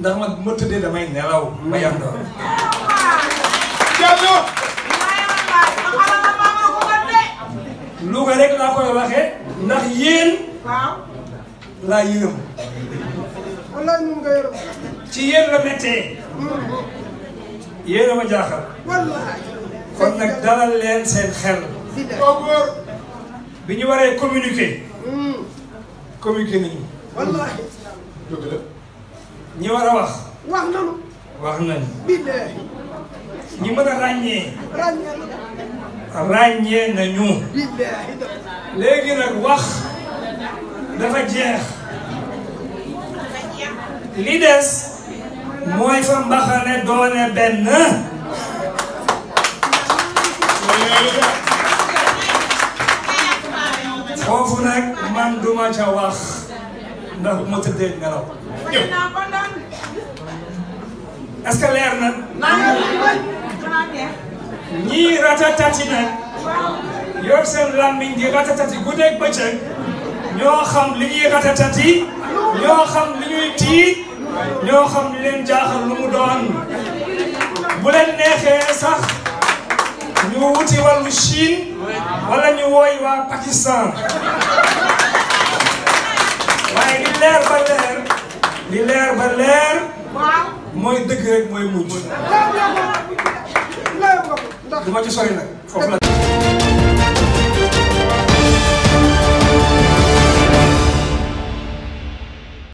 ndax man bu ma tëddee damay nelaw ma yàndoor jàllo lu rek laa koy waxee ndax yéen laa yërëm ci yéen la méttee hmm. yéen a jaaxal kon nag dalal leen seen xel bi ñu waree communiquer hmm. communiquer nañu wallaay ñi war a wax. wax nañu. wax nañu. billaahi. ñi mën a ràññee. ràññee nañu. léegi nag wax dafa jeex. li des. mooy fa mbaxane doone benn. foofu nag man duma ca wax ndax ma tëddee ngelaw. est-ce que leer na. ñii ratatati nag yor seen làmmiñ di ratatati guddeeg bëccëg ñoo xam li ñuy ratatati ñoo xam li ñuy tiit ñoo xam li leen jaaxal lu mu doon bu leen neexee sax ñu wuti wàllu Chine wala ñu wooy waa Pakistan waaye li leer ba leer li leer ba leer. mooy dëgg rek mooy mujj. dama ci sori nag foofu la